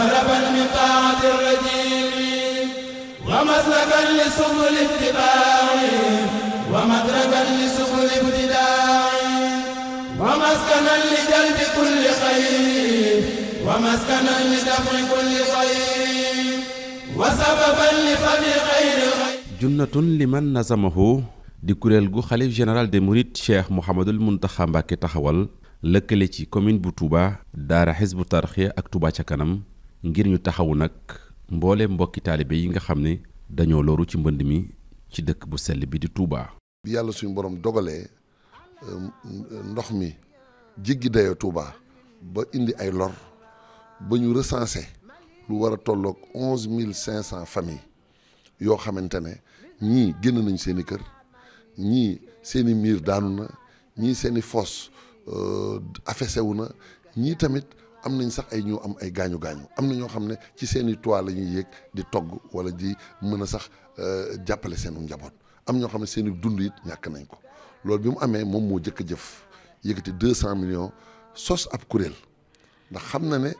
مهربا من طاعة الرجيم ومسلكا لسبل اتباع ومدركا لسبل ابتداع ومسكنا لجلب كل خير ومسكنا لدفع كل خير وسببا لفضل خير جنة لمن نظمه di kuréel gu xalif général des mu cheikh mouhamadul muntaxa mbàkke taxawal lëkkale ci commune bu Touba daara xisbu tarxiya ak Touba ca kanam ngir ñu taxawu nag mboole mbokki taalibe yi nga xam ne dañoo loru ci mbënd mi ci dëkk bu sell bi di Touba. bi yàlla suñu borom dogalee euh, ndox mi jéggi dayoo Touba ba indi ay lor ba ñu recensé lu war a tolloog onze mille cinq cent familles yoo xamante ne ñii génn nañ seen i kër ñii seen i miir daanu na ñii seeni i fosse euh, affaissé wu na ñii tamit. am nañ sax ay ñoo am ay gaañu gaañu am na ñoo xam ne ci seeni toit la ñuy yéeg di togg wala di mën a sax euh, jàppale seenu njaboot am ñoo xam ne seeni dund it ñàkk nañ ko loolu bi mu amee moom moo jëkk jëf yëkkati deux cent millions sos ab kuréel ndax xam na ne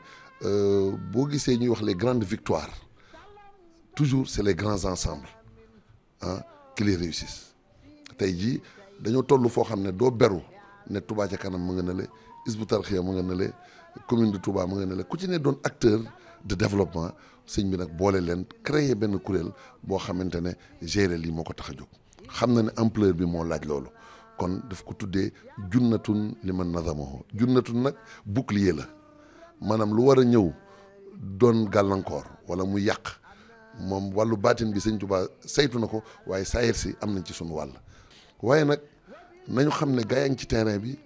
euh, boo gisee ñuy wax les grandes victoires toujours c'est les grands ensembles ah qui les tey jii dañoo toll foo xam ne doo beru ne Touba ca kanam mu nga ne le Hizbut Tarqiyyah mu nga ne commune de Touba mu nga ne la ku ci ne doon acteur de développement sëñ bi nag boole leen créer benn kuréel boo xamante ne gérer lii moo ko tax a jóg xam na ne empleur bi moo laaj loolu kon daf ko tuddee junnatun li man nazamaho junnatun nag bouclier la maanaam lu war a ñëw doon gàllankoor wala mu yàq moom wàllu baatin bi sëñ Touba saytu na ko waaye saayir si am nañ ci sunu wàll waaye nag nañu xam ne gaa ngi ci terrain bi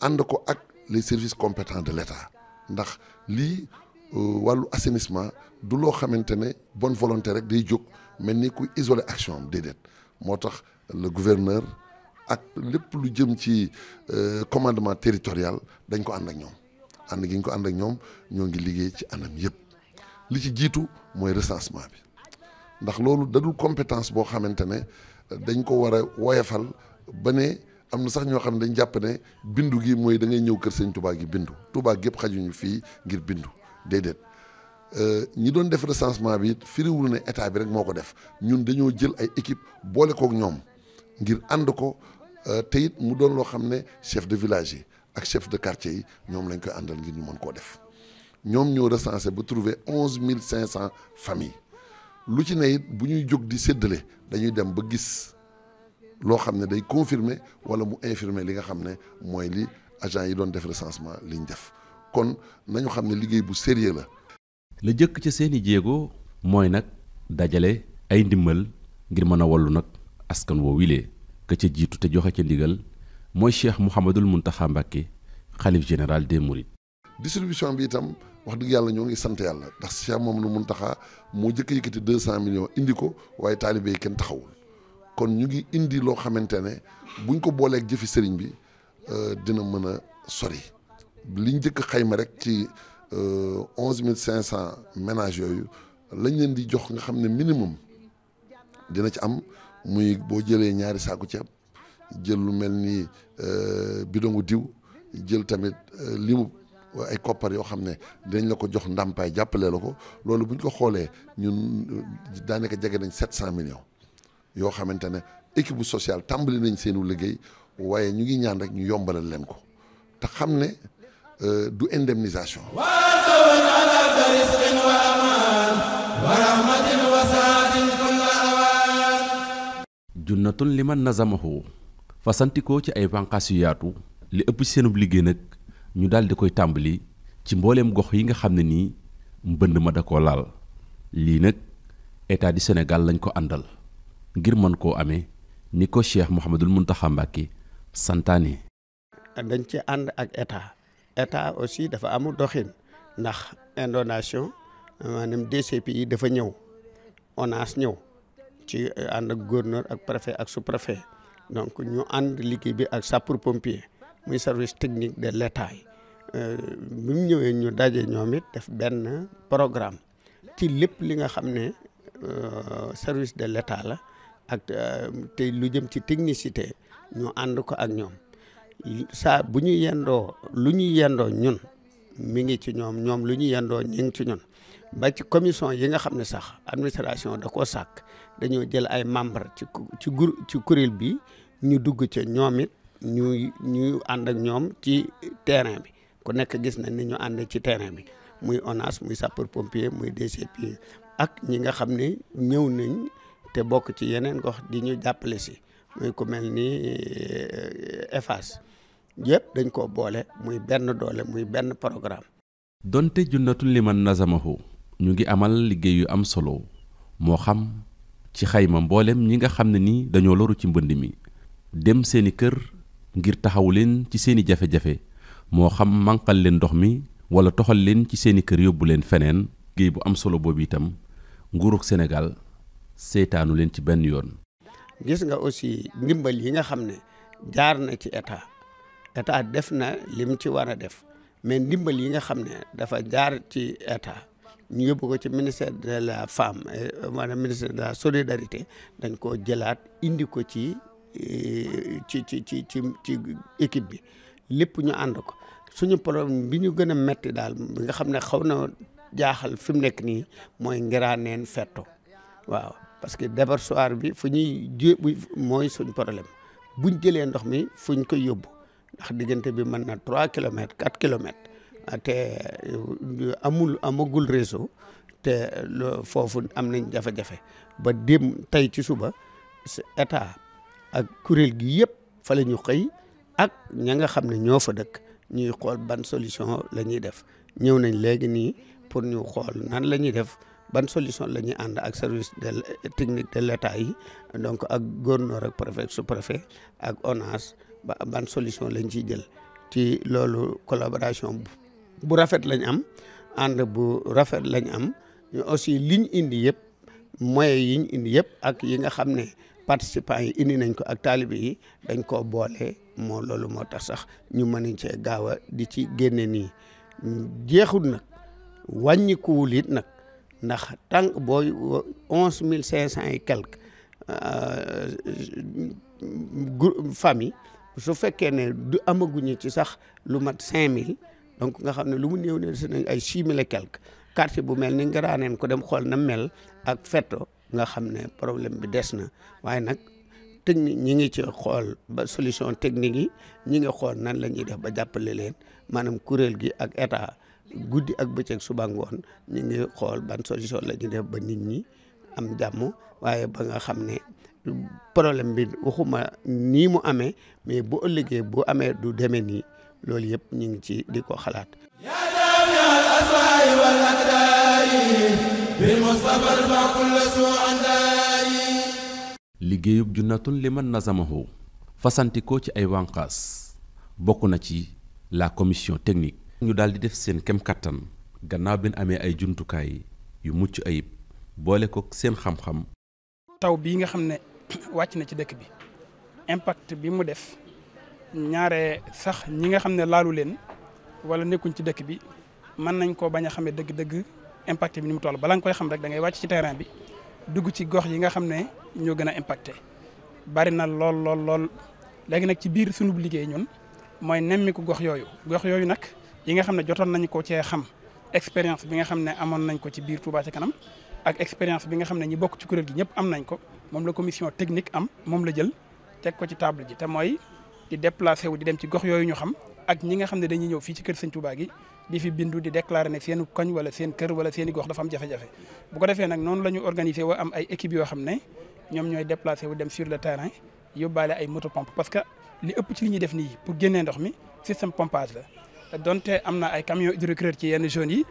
ànd ko ak les services compétent de l'État ndax lii euh, wàllu assainissement du loo xamante ne bon volonté rek day jóg mel ni ku isole action am déedéet moo tax le gouverneur ak lépp lu jëm ci euh, commandement territorial dañ ko ànd ak ñoom ànd gi ñu ko ànd ak ñoom ñoo ngi liggéey ci anam yëpp li ci jiitu mooy recensement bi ndax loolu dadul compétence boo xamante ne dañ ko war a woyafal ba ne am na sax ñoo xam ne dañ jàpp ne bindu gi mooy da ñëw kër sëñ Touba gi bindu Touba gépp xajuñu fii ngir bindu déedéet euh, ñi doon def recensement bi it firiwul ne état bi rek moo ko def ñun dañoo jël ay équipe boole kook ñoom ngir ànd ko euh, te it mu doon loo xam ne chef de village yi ak chef de quartier yi ñoom lañ koy àndal ngir ñu mën koo def ñoom ñoo recensé ba trouver onze mille cinq cent familles lu ci ne it bu ñuy jóg di séddale dañuy dem ba gis. loo xam ne day confirmer wala mu infirmer li nga xam ne mooy li agent yi doon def recensement liñ ñu def kon nañu xam ne liggéey bu sérieux la. la jëkk ca seeni jéego mooy nag dajale ay ndimbal ngir mën a wallu nag askan woo wilee ka ca jiitu te joxe ca ndigal mooy cheikh Mouhamadul Mountakha Mbacké xalif général des Mourides. distribution bi itam wax dëgg yàlla ñoo ngi sant yàlla ndax cheikh moom lu Mountakha moo jëkk yëkkati deux cent millions indi ko waaye taalibe yi kenn taxawul. kon ñu ngi indi loo xamante ne buñ ko booleeg jëfi sëriñ bi euh, dina mën a sori liñ njëkk xayma rek ci euh, onze mille cinq cent ménages yooyu lañ leen di jox nga xam ne minimum dina ci am muy boo jëlee ñaari saaku ceeb jël lu mel ni euh, bidongu diw jël tamit limu ay koppar yoo xam ne dinañ la ko jox ndàmpaay jàppalee la ko loolu buñ ko xoolee ñun daanaka jege nañ sept cent million yoo xamante ne équipe bu sociale tàmbali nañ seenu liggéey waaye ñu ngi ñaan rek ñu yombalal leen ko te xam ne euh, du indemnisation junnatun liman nazamahu fasantikoo ci ay bànqaas yu yaatu li ëpp ci seenub liggéey nag ñu daal di koy tàmbali ci mbooleem gox yi nga xam ne nii mbënd ma da koo laal lii nag état du Sénégal lañ ko àndal ngir mën koo amee ni ko cheikh Mouhamadul Mountakha Mbacké santaane. dañ ci ànd ak état état aussi dafa amul doxin ndax indonation maanaam DCPI yi dafa ñëw ONAS ñëw ci eh, ànd ak gouverneur ak préfet ak sous-préfet donc ñu ànd liggéey bi ak sapeur pompier muy service technique de l'état yi euh, bi ñëwee ñu daje ñoom it def benn programme ci lépp li nga xam ne euh, service de l'état la. ak euh, te lu jëm ci technicité ñu ànd ko ak ñoom sa bu ñu yendoo lu ñu yendoo ñun mi ngi ci ñoom ñoom lu ñu yendoo ñu ngi ci ñun ba ci commission yi nga xam ne sax administration da koo sàkk dañoo jël ay membre ci ci gur ci kuréel bi ñu dugg ci ñoom it ñu ñu ànd ak ñoom ci terrain bi ku nekk gis nañ ni ñu ànd ci terrain bi muy ONAS muy sapeur pompier muy DCP ak ñi nga xam ne ñëw nañ te bokk ci yeneen gox di ñu jàppale si muy ku mel ni EFAS eh, yëpp dañ ko boole muy benn doole muy benn programme. donte junnatul liman nazamahu ñu ngi amal liggéey yu am solo moo xam ci xayma mboolem ñi nga xam ne ni dañoo loru ci mbënd mi dem seeni kër ngir taxawu leen ci seeni jafe-jafe moo xam manqal leen ndox mi wala toxal leen ci seeni kër yóbbu leen feneen géey bu am solo boobu itam nguurug Sénégal. seetaanu leen ci benn yoon. gis nga aussi ndimbal yi nga xam ne jaar na ci état état def na lim ci war a def mais ndimbal yi nga xam ne dafa jaar ci état ñu yóbbu ko ci ministère la femme euh, maanaam ministère de solidarité dañ koo jëlaat indi ko ci euh, ci ci ci ci ci équipe bi lépp ñu ànd ko suñu polo bi ñu gën a metti daal bi nga xam ne xaw na jaaxal fi mu nekk nii mooy ngiraaneen fetto waaw parce que déversoir bi fu ñuy jé mooy suñ problème buñ jëlee ndox mi fuñ koy yóbbu ndax diggante bi mën na trois kilomètres quatre kilomètres ah, te euh, amul amagul réseau te foofu am nañ jafe-jafe ba dem tey ci suba état ak kuréel gi yëpp fa la ñu xëy ak ña nga xam ne ñoo fa dëkk ñuy xool ban solution la ñuy def ñëw nañ léegi nii pour ñu xool nan la ñuy def ban solution la ñuy ànd ak service de technique de l'état yi donc ak gouverneur ak préfet sous-préfet ak ONAS ba ban solution lañ ciy jël ci loolu collaboration bu rafet lañ am ànd bu rafet lañ am ñu aussi liñ indi yëpp moyens yiñ indi yëpp ak yi nga xam ne participants yi indi nañ ko ak taalibe yi dañ ko boole moo loolu moo tax sax ñu mën cee gaaw a di ci génne nii jeexul nag wàññikuwul it nag ndax tànk booy onze mille cinq cent et quelque euh, famille su fekkee ne du amaguñu ci sax lu mat cinq mille donc nga xam ne lu mu néew ne si nañ ay six mille et quelque quartier bu mel ni ngaraaneen ko dem xool na mel ak fetto nga xam ne problème bi des na waaye nag technique ñi ci xool ba solution technique yi ñi ngi xool nan la ñuy def ba jàppale leen maanaam kuréel gi ak état guddi ak bëccëg suba ngoon ñu ngi xool ban solution la ñu def ba nit ñi am jàmm waaye ba nga xam ne problème bi waxuma nii mu amee mais bu ëllëgee bu amee du demee nii loolu yëpp ñu ngi ci di ko xalaat. liggéeyub junnatun liman nazamahu fasantikoo ci ay wànqaas bokk na ci la commission technique ñu daal di def seen kem kàttan gannaaw bi amee ay jumtukaay yu mucc ayib boole ko seen xam-xam. taw bii nga xam ne wàcc na ci dëkk bi impact bi mu def ñaare sax ñi nga xam ne laalu leen wala nekkuñ ci dëkk bi mën nañ ko bañ a xamee dëgg-dëgg impact bi ni mu toll balaa nga koy xam rek da ngay wàcc ci terrain bi dugg ci gox yi nga xam ne ñoo gën a impacté bari na lool lool lool léegi nag ci biir sunub liggéey ñun mooy nemmiku gox yooyu gox yooyu nag. yi nga xam ne jotoon nañ ko cee xam expérience bi nga xam ne amoon nañ ko ci biir Touba kanam ak expérience bi nga xam ne ñi bokk ci kuréel gi ñëpp nañ ko moom la commission technique am moom la jël teg ko ci table ji te mooy di déplacé wu di dem ci gox yooyu ñu xam ak ñi nga xam ne dañuy ñëw fii ci kër sëñ Touba gi di fi bindu di déclaré ne seen koñ wala seen kër wala seeni gox dafa am jafe-jafe bu ko defee nag noonu la ñu organisé woo am ay équipe yoo xam ne ñoom ñooy déplacé wu dem sur le terrain yóbbaale ay moto pompe parce que li ëpp ci li ñuy def nii pour génnee ndox mi système pompage la donte am na ay camions hydrocureurs ci yenn zones yi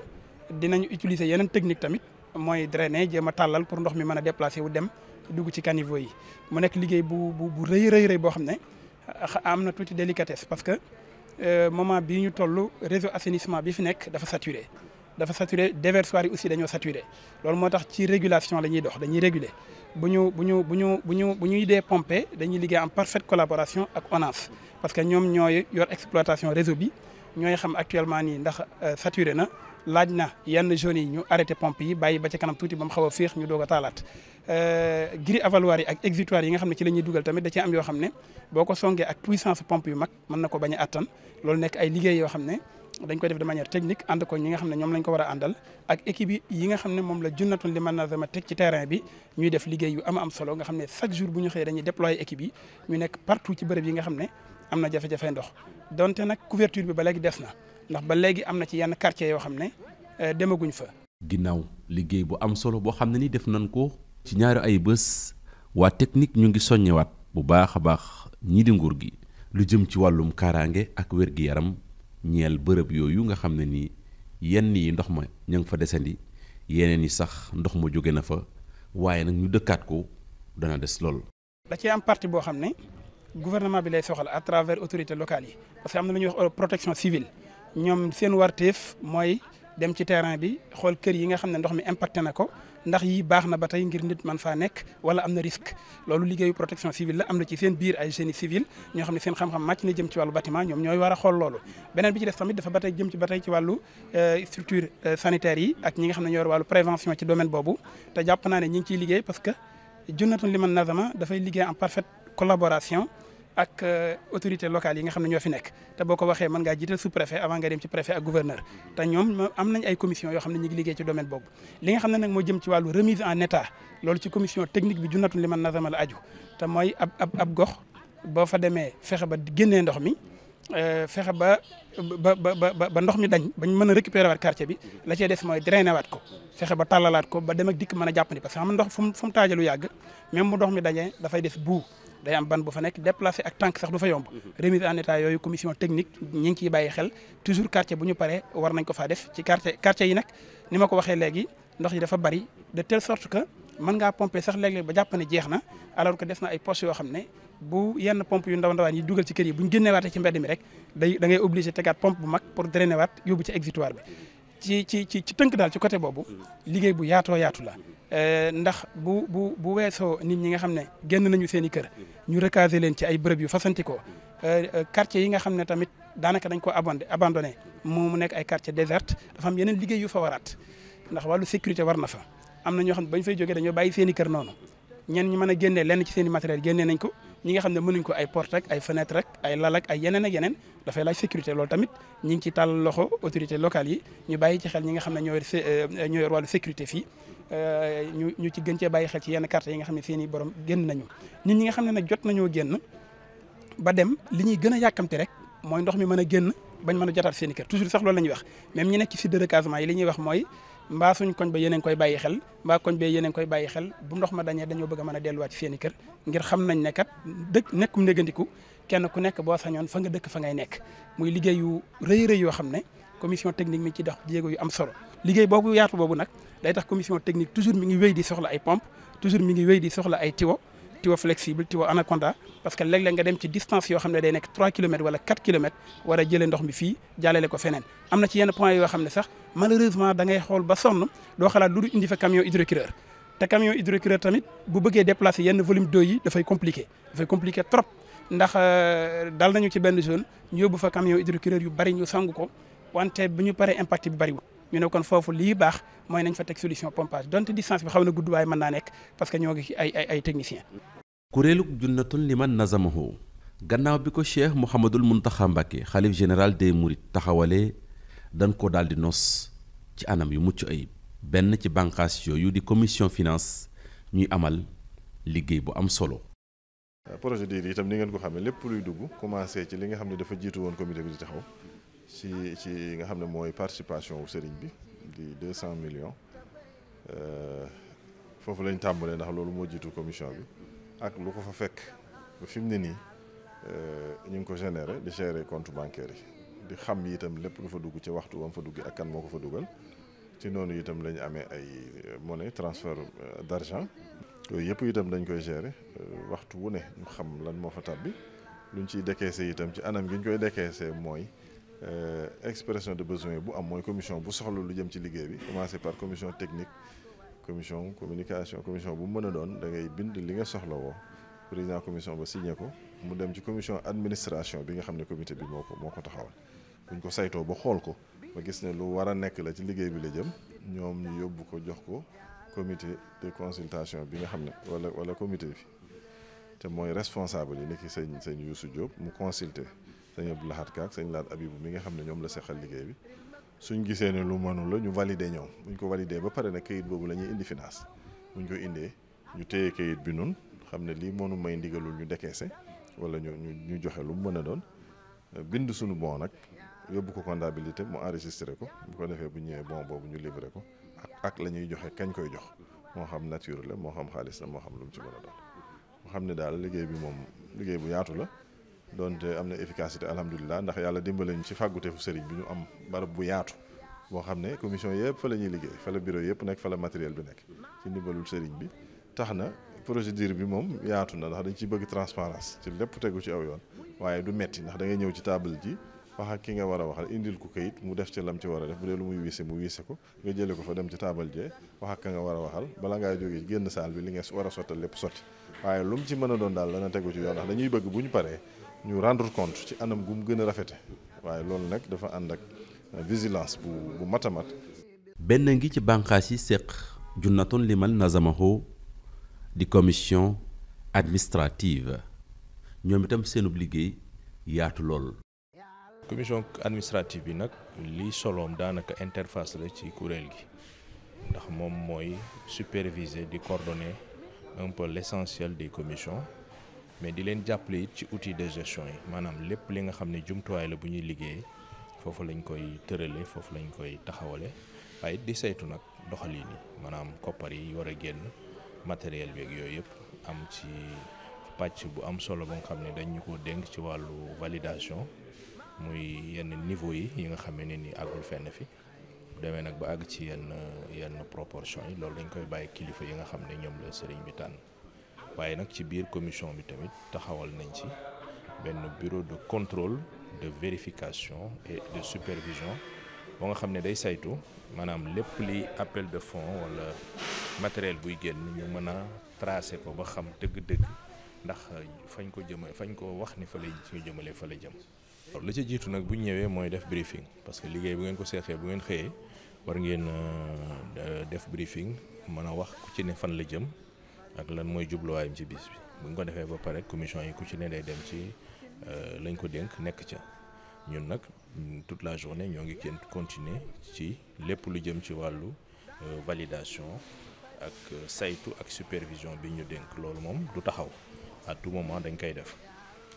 dinañ utiliser yeneen technique tamit mooy drainer jéem a tàllal pour ndox mi mën a déplacer wu dem dugg ci caniveau yi mu nekk liggéey bu bu bu rëy rëy rëy boo xam ne am na tuuti délicatesse parce que euh, moment bii ñu toll réseau assainissement bi fi nekk dafa saturé dafa saturé déversoir yi aussi dañoo saturé loolu moo tax ci régulation la ñuy dox dañuy réguler bu ñu bu ñu bu ñu bu ñu bu ñuy dee pompé dañuy liggéey en parfaite collaboration ak ONAS parce que ñoom ñooy yor exploitation réseau bi ñooy xam actuellement nii ndax euh, saturé na laaj na yenn zones yi ñu arrêté pompe yi bàyyi ba ci kanam tuuti ba mu xaw a féex ñu doog a taalaat euh, grille avaloir yi ak exutoire yi nga xam ne ci la ñuy dugal tamit da ci am yoo xam ne boo ko songee ak puissance pompe yu mag mën na ko bañ a attan loolu ay liggéey yoo xam ne dañ koy def de manière technique ànd ko ñi nga xam ne ñoom lañ ko war a yi nga xam ne moom la junnatun li mën na dama teg ci terrain bi ñuy def liggéey yu am am solo nga xam ne chaque jour bu ñu xëyee dañuy déployer équipe yi ñu nekk partout ci bërëb yi nga xam ne am na jafe-jafe ndox donte nag couverture bi ba léegi des na ndax ba léegi am na ci yenn quartier yoo xam ne euh, demaguñ fa. ginnaaw liggéey bu am solo boo xam ne nii def nañ ko. ci ñaari ay bés waa technique ñu ngi soññewaat bu baax a baax ñii di nguur gi lu jëm ci wàllum kaaraange ak wér-gi-yaram ñeel bërëb yooyu nga xam ne nii yenn yi ndox ma ña ngi fa desandi yeneen yi sax ndox ma jóge na fa waaye nag ñu dëkkaat ko dana des lool. da ne gouvernement bi lay soxal à travers autorités local yi parce que am na lu protection civile ñoom seen warteef mooy dem ci terrain bi xool kër yi nga xam ne ndox mi impacté na ko ndax yi baax na ba tey ngir nit man faa nekk wala am na risque loolu liggéeyu protection civile la am na ci seen biir a génie civil ñoo xam ne seen xam-xam màcc na jëm ci wàllu bâtiment ñoom ñooy war a xool loolu beneen bi ci def tamit dafa ba tey jëm ci ba ci wàllu euh, structure euh, yi ak ñi nga xam ne ñoo war wàllu ci domaine boobu te jàpp ne ñi ngi ciy liggéey parce que junnatun liman nazama dafay liggéey en parfaite collaboration ak euh, autorité locale yi nga xam ne ñoo fi nekk te boo ko waxee mën ngaa jiital sous préfet avant nga dem ci préfet ak gouverneur te ñoom am nañ ay commission yoo xam ne ñu ngi liggéey ci domaine boobu li nga xam ne nag moo jëm ci wàllu remise en état loolu ci commission technique bi junnatul li man nazama aju te mooy ab ab ab gox boo fa demee fexe ba génnee ndox mi euh, fexe ba ba ba ba ndox mi dañ ba mën a récupérer waat quartier bi la cee des mooy drainer ko fexe ba tàllalaat ko ba dem ak dikk mën a jàppandi parce que ndox fu mu fu mu taajalu yàgg même bu ndox mi dañee dafay des buu day am ban bu fa nekk déplacé ak tànk sax du fa yomb mhm. remise en état yooyu commission technique ñi ngi ciy xel toujours quartier bu ñu paree war nañ ko faa def ci quartier quartier yi nag ni ma ko waxee léegi ndox yi dafa bari de telle sorte que mën ngaa pomper sax léeg-léeg ba jàpp ne jeex na alors que def na ay postes yoo xam ne bu yenn pompe yu ndaw ndawaan yi dugal ci kër yi bu ñu génneewaatee ci mbedd mi rek day da ngay obligé tegaat pompe bu mag pour drainer waat yóbbu ci exutoire bi ci ci ci ci tënk daal ci côté boobu mm-hmm. liggéey bu yaatoo yaatu la mm-hmm. eh, ndax bu bu bu weesoo nit ñi nga xam ne génn nañu seen i kër mm-hmm. ñu recaser leen ci ay bërëb yu fasantikoo eh, eh, quartier yi nga xam ne tamit daanaka dañ ko abandé abandonné mu nekk ay quartier déserte dafa am yeneen liggéey yu fa waraat ndax wàllu sécurité war na fa am na ñoo xam ne bañ fay jógee dañoo bàyyi seen kër noonu ñenn ñu mën a génnee lenn ci seen i matériel génnee nañ ko ñi nga xam ne mënuñ ko ay porte ak ay fenêtre ak ay lal ay yeneen ak yeneen dafay lay sécurité loolu tamit ñi ngi ci tàll loxo autorité locale yi ñu bàyyi ci xel ñi nga xam ne ñooy euh, ñooy wàllu sécurité fii euh, ñu ñu ci gën cee bàyyi xel ci yenn carte yi nga xam ne seeni borom génn nañu ñun ñi nga xam ne nag jot nañoo génn ba dem li ñuy gën a yàkkamti rek mooy ndox mi mën a génn bañ mën a jotaat seen i kër toujours sax loolu la ñuy wax même ñi nekk ci site de recasement yi li ñuy wax mooy mbaa suñ koñ ba yeneen koy bàyyi xel mbaa koñ ba yeneen koy bàyyi xel bu ndox ma dañee dañoo bëgg mën a delluwaat ci seen kër ngir xam nañ ne kat dëkk nekkum négandiku kenn ku nekk boo sañoon fa nga dëkk fa ngay nekk muy liggéey yu rëy rëy yoo xam ne commission technique mi ci dox jéego yu am solo liggéey boobu yaatu boobu nag day tax commission technique toujours mi ngi wéy di soxla ay pompe toujours mi ngi wéy di soxla ay tiwo tiwo flexible tiwo anaconda parce que léeg-léeg nga dem ci distance yoo xam ne day nekk 3 kilomètres wala 4 kilomètres war a jëlee ndox mi fii jàllale ko feneen am na ci yenn point yoo xam ne sax malheureusement da ngay xool ba sonn doo xalaat lu dul indi fa camion hydrocureur tamit bu bëggee déplacer yenn volume d'eau yi dafay trop ndax euh, dal nañu ci benn zone ñu yóbbu fa camion hydrocureur yu bari ñu sangu ko wante bu ñu paree impact bu bariwul ñu ne kon foofu lii baax mooy nañ fa teg solution pompage donte distance bi xaw na gudd waaye mën naa nekk parce que ñoo ngi ci ay ay ay technicien kuréelug junnatun liman nazamahu gannaaw bi ko cheikh mouhamadul muntaxa mbàkke xalif général des mourides taxawalee dañ ko daal di nos ci anam yu mucc ayib benn ci bànqaas yooyu di commission finance ñuy amal liggéey bu am solo Euh, projet DIR itam ni ngeen ko xamee lépp luy dugg commencé ci li nga xam ne dafa jiitu woon comité bi di taxaw ci ci nga xam ne mooy participation wu bi di 200 millions euh, foofu lañ tàmbalee ndax loolu moo jiitu commission bi ak lu ko fa fekk ba fi mu ne nii euh, ñu ngi ko généré di gérer compte bancaire yi di xam itam lépp lu fa dugg ci waxtu wam fa dugg ak kan moo ko fa dugal ci noonu itam lañu amee ay monnaie transfert d'argent yooyu yëpp itam dañ koy gérer euh, waxtu wu ne ñu xam lan moo fa tàbbi luñ ciy dekkee décaissé itam ci anam gi ñu koy décaissé mooy euh, expression de besoin bu am mooy commission bu soxla lu jëm ci liggéey bi commencé par commission technique commission communication commission bu mën a doon dangay bind li nga soxla woo président commission ba signé ko mu dem ci commission administration bi nga xam ne comité bi moo ko moo ko taxawal buñ ko saytoo ba xool ko ba gis ne lu war a nekk la ci liggéey bi la jëm ñoom yóbbu ko jox ko commité de consultation bi nga xam ne wala wala commité bi te mooy responsable yi niki sëñ sëñ Youssou Diop mu consulter sañ Abdou Lahad Ka ak sëñ Laat Abibu mi nga xam ne ñoom la seqal liggéey bi suñ gisee ne lu mënu la ñu valider ñoom buñ ko valider ba pare nag kayit boobu la ñuy indi finance buñ ko indee ñu téye kayit bi nun xam ne lii mënu may ndigalul ñu dekee se wala ñu ñu joxe lu mu mën a doon bind suñu bon nag yóbbu ko comptabilité mu enregistré ko bu ko defee bu ñëwee bon boobu ñu livré ko ak la ñuy joxe kañ koy jox moo xam nature la moo xam xaalis la moo xam lu mu ci mën moo xam ne daal liggéey bi moom liggéey bu yaatu la donte am na efficacité alhamdulilah ndax yàlla dimbale ñu ci fàgguteefu sëriñ bi ñu am barab bu yaatu boo xam ne commission yëpp fa la ñuy liggéey fa la bureau yëpp nekk fa la matériel bi nekk ci ndimbalul sëriñ bi tax na procédure bi moom yaatu na ndax dañ ciy bëgg transparence ci lépp tegu ci aw yoon waaye du metti ndax da ngay ñëw ci table ji wax ak ki nga war a waxal indil ko kayit mu def ci lam ci war a def bu dee lu muy wiise mu wiise ko nga jële ko fa dem ci taabal jee wax ak ka nga war a waxal bala ngaa jógee génn saal bi li nga war a sottal lépp sotti waaye lu mu ci mën a doon daal dana tegu ci yoon ndax dañuy bëgg bu ñu paree ñu rendre compte ci anam gu mu gën a rafete waaye loolu nag dafa ànd ak euh, vigilance bu bu mat a mat benn ngi ci bànqaas yi seq séq junnatun liman nazamahu di commission administrative ñoom itam seenub liggéey yaatu lool commission administrative bi nag li soloom daanaka interface la ci kuréel gi ndax moom mooy superviser di coordonner un peu l'essentiel des commissions mais di leen jàppale it ci uti de gestion yi maanaam lépp li nga xam ne jumtuwaay la bu ñuy liggéey foofu lañ koy tërale foofu lañ koy taxawale waaye di saytu nag doxalin yi maanaam koppar yi war a génn matériel bi ak yooyu yëpp am ci pàcc bu am solo ba nga xam ne dañ ko dénk ci wàllu validation muy yenn niveau yi yi nga xam ne ni àggul fenn fi bu demee nag ba àgg ci yenn yenn proportion yi loolu dañ koy bàyyi kilifa yi nga xam ne ñoom la sëriñ bi tànn waaye nag ci biir commission bi tamit taxawal nañ ci benn bureau de contrôle de vérification et de supervision boo nga xam ne day saytu maanaam lépp li appel de fonds wala matériel buy génn ñu mën a tracer ko ba xam dëgg-dëgg ndax fañ ko jëma fañ ko wax ni fa la ñu jëmale fa la jëm la ca jiitu nag bu ñu ñëwee mooy def briefing parce que liggéey bu ko seexee bu ngeen war ngeen euh, def briefing mën a wax ci ne fan la jëm ak lan mooy jubluwaayam ci bi bu ñu ko defee ba pare commission yi ku ci ne day dem ci euh, lañ ko dénk nekk ca ñun nag mm, toute la journée ñoo ngi kenn continuer ci lépp lu jëm ci wàllu euh, validation ak saytu ak supervision bi ñu dénk loolu moom du taxaw à tout moment dañ koy def.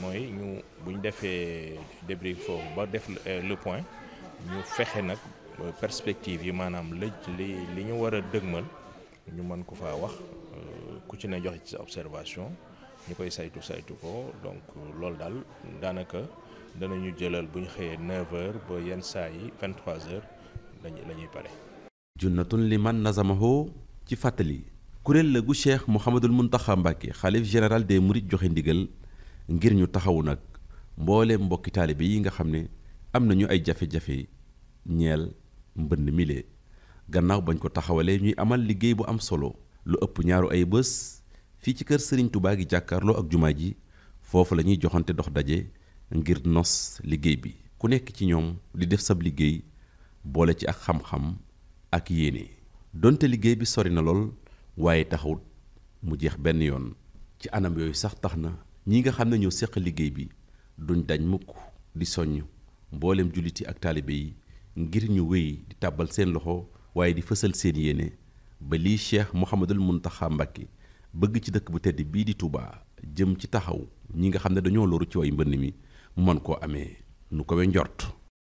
mooy ñu bu defee débrief foofu ba def euh, le point ñu fexe nag euh, perspective yi maanaam li li ñu war a dëgmal ñu mën ko fa wax euh, ku ci ne joxe ci sa observation ñu koy saytu saytu ko donc loolu daal daanaka danañu jëlal bu ñu xëyee 9h ba yenn saa yi 23h lañuy la ñuy pare. junnatun liman nazamahu ci fàttali kuréel la gu Cheikh Mouhamadul Mountakha Mbacké xalif général des Mourides joxe ndigal. ngir ñu taxawu nag mbooleem mbokki taalibe yi nga xam ne am nañu ay jafe-jafe ñeel mbënd mile gannaaw bañ ko taxawalee ñuy amal liggéey bu am solo lu ëpp ñaaru ay bés fii ci kër Serigne Touba gi jàkkaarloo ak jumaa ji foofu la ñuy joxante dox daje ngir nos liggéey bi ku nekk ci ñoom di def sab liggéey boole ci ak xam-xam ak yéene donte liggéey bi sori na lool waaye taxawut mu jeex benn yoon ci anam yooyu sax tax na ñi nga xam ne ñoo seq liggéey bi duñ dañ mukk di soññ mboolem julliti ak taalibe yi ngir ñu wéy di tàbbal seen loxo waaye di fësal seen yéene ba lii cheikh Mouhamadul Mountakha Mbacké bëgg ci dëkk bu tedd bii di Touba jëm ci taxaw ñi nga xam ne dañoo loru ci way mbënn mi mu mën koo amee nu ko we njort